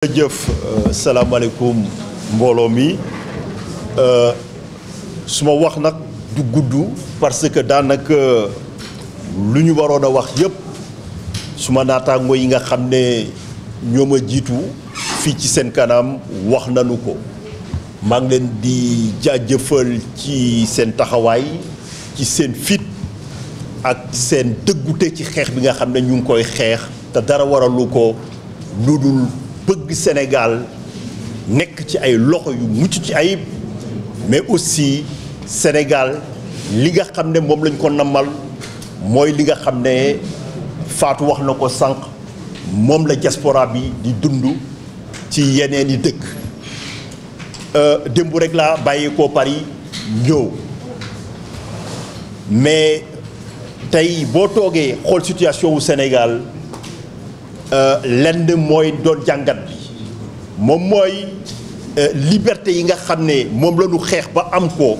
jërëjëf euh, salaamaaleykum mbooloo mi euh, su ma wax nag du gudd parce que daanaka lu ñu waroon a wax yépp su ma naataangoo yi nga xam ne ñooma jiitu fii ci seen kanam wax nañu ko maa ngi leen di jaajëfal ci seen taxawaay ci seen fit ak seen dëggute ci xeex bi nga xam ne ñu ngi koy xeex te dara waralu ko lu dul bëgg Sénégal nekk ci ay loxo yu mucc ci ayib mais aussi Sénégal li nga xam ne moom lañ ko namal mooy li nga xam ne faatu wax na ko sànq moom la diaspora bi di dund ci yeneen i dëkk euh, démb rek bàyyi bàyyeekoo Paris ñëw mais tey boo toogee xool situation wu Sénégal Euh, lenn mooy doon jàngat bi moom mooy euh, liberté yi nga xam ne moom la ñu xeex ba am ko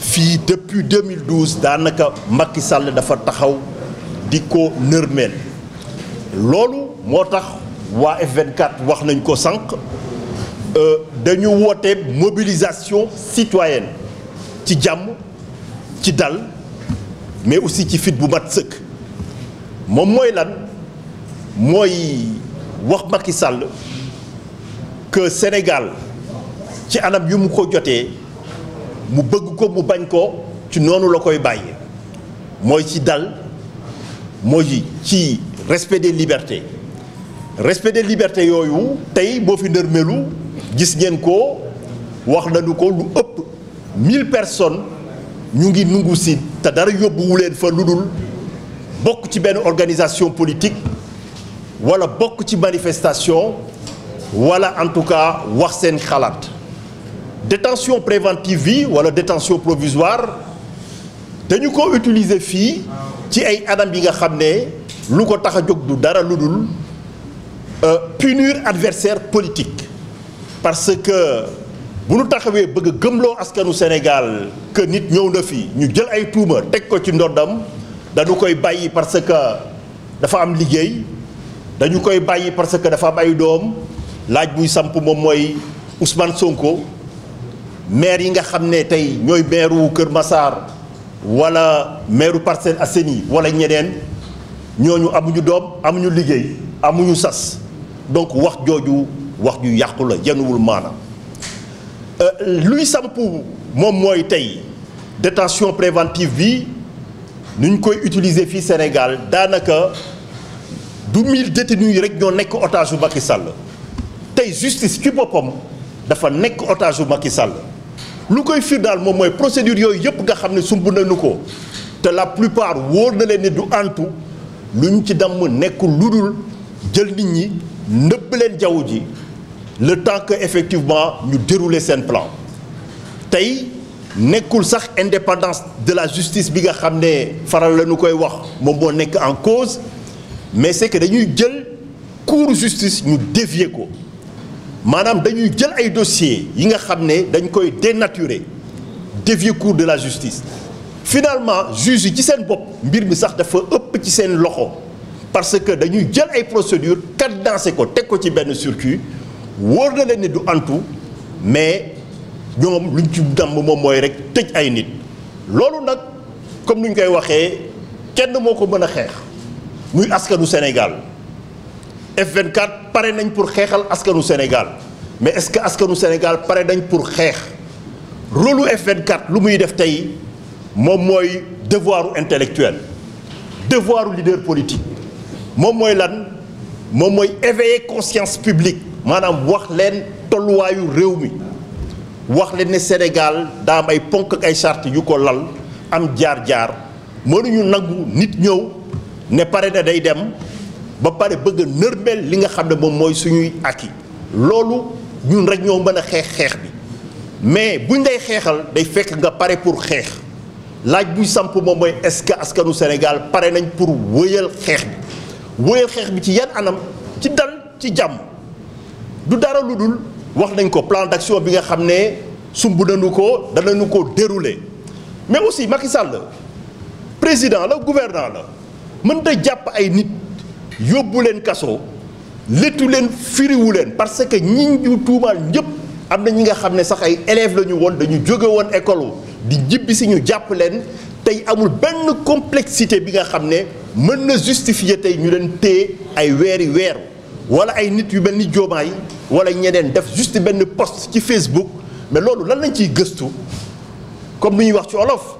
fii depuis 2012 daanaka makki sàll dafa taxaw di ko nërmeel loolu moo tax waa F24 wax nañ ko sànq euh, dañu woote mobilisation citoyenne ci jàmm ci dal mais aussi ci fit bu mat sëkk moom mooy lan. mooy wax Macky Sall que Sénégal ci anam yu mu ko jotee mu bëgg ko mu bañ ko ci noonu la koy bàyyi mooy ci dal mooy ci respect des libertés respect des libertés yooyu tey boo fi ndërmelu gis ngeen ko wax nañu ko lu ëpp mille personnes ñu ngi nungu si te dara yóbbuwu leen fa lu dul bokk ci benn organisation politique wala bokk ci manifestation wala en tout cas wax seen xalaat détention préventive yi wala détention provisoire dañu ko utiliser fii ci ay adam yi nga xam ne lu ko tax a jóg du dara lu dul euh, punir adversaire politique parce que bu nu taxawee bëgg a gëmloo askanu Sénégal que nit ñëw na fi ñu jël ay tuuma teg ko ci ndoddam dañu koy bàyyi parce que dafa am liggéey dañu koy bàyyi parce que dafa am doom laaj buy samp moom mooy Ousmane Sonko maire yi nga xam ne tey ñooy maire wu Kër Massar wala maire wu Parcelles Assainies wala ñeneen ñooñu amuñu doom amuñu liggéey amuñu sas donc wax jooju wax ju yàqu la yenuwul maanaam euh, luy samp moom mooy tey détention préventive bi nu ñu koy utiliser fii Sénégal daanaka. du mille détenus yi rek ñoo nekk otage bu Macky Sall tey justice ci boppam dafa nekk otage bu Macky Sall lu koy fiir moom mooy procédure yooyu yëpp nga xam ne sumb nañu ko te la plupart wóor na leen ni du antu luñ ci damm nekkul lu dul jël nit ñi nëbb leen jaww ji le temps que effectivement ñu dérouler seen plan tey nekkul sax indépendance de la justice bi nga xam ne faral la ñu koy wax moom moo nekk en cause mais c'est que dañuy jël cour justice ñu dévier ko maanaam dañuy jël ay dossiers yi nga xam ne dañ koy dénaturer dévier cours de la justice finalement juge yi ci seen bopp mbir mi sax dafa ëpp ci seen loxo parce que dañuy jël ay procédures cadencé ko teg ko ci benn circuit wóor na leen ni du antu mais ñoom luñ ci damm moom mooy rek tëj ay nit loolu nag comme ni ñu koy waxee kenn moo ko mën a xeex muy askanu Sénégal F24 pare nañ pour xeexal askanu Sénégal mais est-ce que askanu Sénégal pare nañ pour xeex rôle lu F24 lu muy def tey moom mooy devoiru intellectuel devoiru leader politique moom mooy lan moom mooy éveiller conscience publique maanaam wax leen tolluwaayu réew mi wax leen ne Sénégal daam ay ponk ak ay charte yu ko lal am jaar-jaar mënuñu nangu nit ñëw. ne pare na day dem ba pare bëgg a nërmeel li nga xam ne moom mooy suñuy acquis loolu ñun rek ñoo mën a xeex xeex bi mais buñ lay xeexal day fekk nga pare pour xeex laaj buy samp moom mooy est-ce que askanu Sénégal pare nañ pour wëyal xeex bi wëyal xeex bi ci yan anam ci dal ci jàmm du dara lu dul wax nañ ko plan d'action bi nga xam ne sumb nañu ko nu ko dérouler mais aussi Macky Sall président la gouvernant la. mën da jàpp ay nit yóbbu leen kaso léttu leen firiwu leen parce que ñi ñu tuumaal ñëpp am na ñi nga xam ne sax ay élèves la ñu woon dañu jóge woon école di jibbi si ñu jàpp leen tey amul benn complexité bi nga xam ne mën na justifier tey ñu leen téye ay weeri weer wala ay nit yu mel ni joomaay wala ñeneen def juste benn post ci Facebook mais loolu lan lañ ciy gëstu comme lu ñuy wax ci olof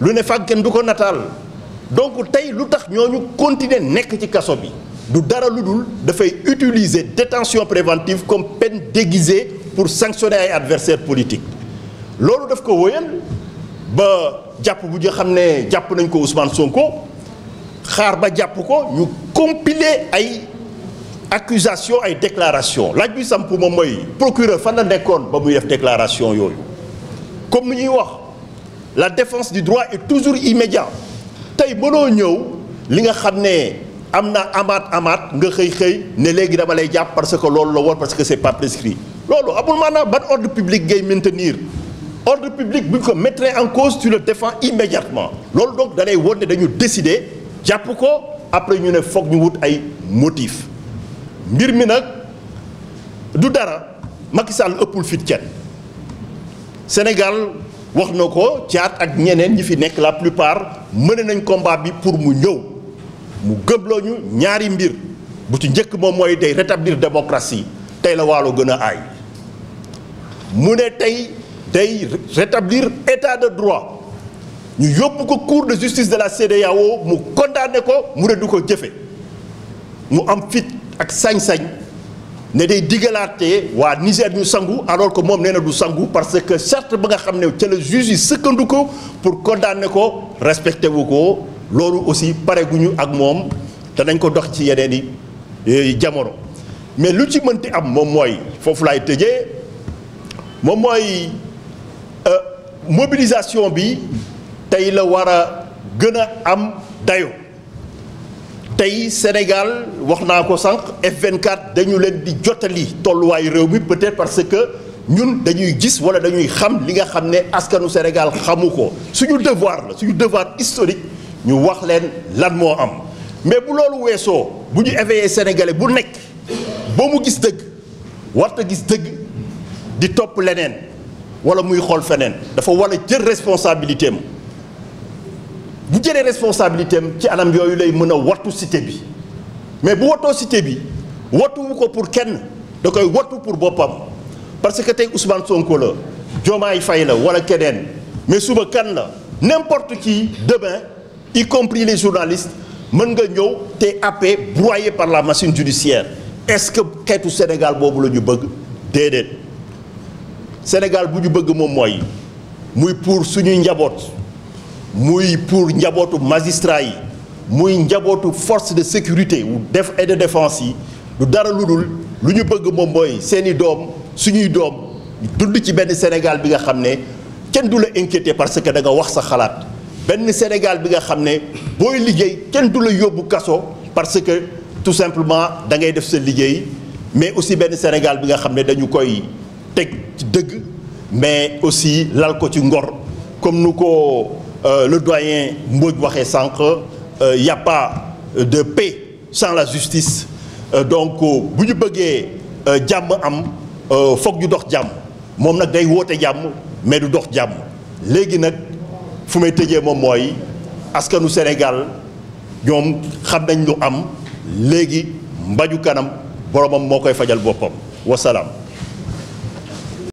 lu ne fàggen du ko nataal donc tey lu tax ñooñu continuer nekk ci kaso bi du dara lu dul dafay utiliser détention préventive comme peine déguisée pour sanctionner ay adversaires politique loolu daf ko wóyal ba jàpp bu nga xam ne jàpp nañ ko Ousmane Sonko xaar ba jàpp ko ñu compiler ay accusation ay déclaration laaj bi sampu moom mooy procureur fan la nekkoon ba muy def déclaration yooyu comme ni ñuy wax la défense du droit et toujours immédiate tey mënoo ñëw li nga xam ne am na amaat amaat nga xëy xëy ne léegi dama lay jàpp parce que loolu la woon parce que c'est pas prescrit loolu amul maanaam ban ordre public ngay maintenir ordre public bu ñu ko mettre en cause tu le défends immédiatement loolu donc da lay won ne dañu décider jàpp ko après ñu ne foog ñu wut ay motif mbir mi nag du dara Macky Sall ëppul fit kenn Sénégal. wax na ko caat ak ñeneen ñi fi nekk la plupart mën nañ combat bi pour mu ñëw mu gëbloo ñu ñaari mbir bu ci njëkk moom mooy day rétablir démocratie tey la waalo gën a aay mu ne tey day rétablir état de droit ñu yóbbu ko cour de justice de la CEDEAO mu condamné ko mu ne du ko jëfe mu am fit ak sañ-sañ ne day digalaatee waa Niger ñu sangu alors que moom nee na du sangu parce que charte ba nga xam ne ca la juge yi sëkkandu ko pour condamner ko respecté wu ko loolu aussi pare guñu ak moom danañ ko dox ci yeneen i eh, jamono. mais lu ci mënti am moom mooy foofu laay tëje moom mooy euh, mobilisation bi tey la war a gën a am dayo tey Sénégal wax naa ko sànq F24 dañu leen di jottali tolluwaayu réew mi peut parce que ñun dañuy gis wala dañuy xam li nga xam ne askanu Sénégal xamu ko suñu devoir la suñu devoir historique ñu wax leen lan moo am mais bu loolu weesoo bu ñu éveillé sénégalais bu nekk boo mu gis dëgg warta gis dëgg di topp leneen wala muy xool feneen dafa war jël responsabilité am bu jëlee responsabilité ci anam yooyu lay mën a wattu cité bi mais bu wattoo cité bi wattuwu ko pour kenn da koy wattu pour boppam parce que tey Ousmane Sonko la Diomaye fay la wala keneen mais suba kan la n'importe qui demain y compris les journalistes mën nga ñëw te happé broyé par la machine judiciaire est-ce que xeetu Sénégal boobu la ñu bëgg déedéet Sénégal bu ñu bëgg moom mooy muy pour suñuy njaboot muy pour njabootu magistrat yi muy njabootu force de sécurité wu def et de défense yi du dara lu dul lu ñu bëgg moom mooy seeni doom suñuy doom dund ci benn Sénégal bi nga xam ne kenn du la inquiété parce que da wax sa xalaat benn Sénégal bi nga xam ne booy liggéey kenn du la yóbbu kaso parce que tout simplement da ngay def sa liggéey mais aussi benn Sénégal bi nga xam ne dañu koy teg ci dëgg mais aussi lal ko ci ngor comme nu ko. Euh, le doyen Mbodj waxee sànq il euh, n'y a pas de paix sans la justice euh, donc bu ñu bëggee jàmm am foog ju dox jàmm moom nag day woote jàmm mais du dox jàmm léegi nag fu may tëjee moom mooy askanu Sénégal ñoom xam nañ lu am léegi mbaju kanam boromam moo koy fajal boppam wasalaam.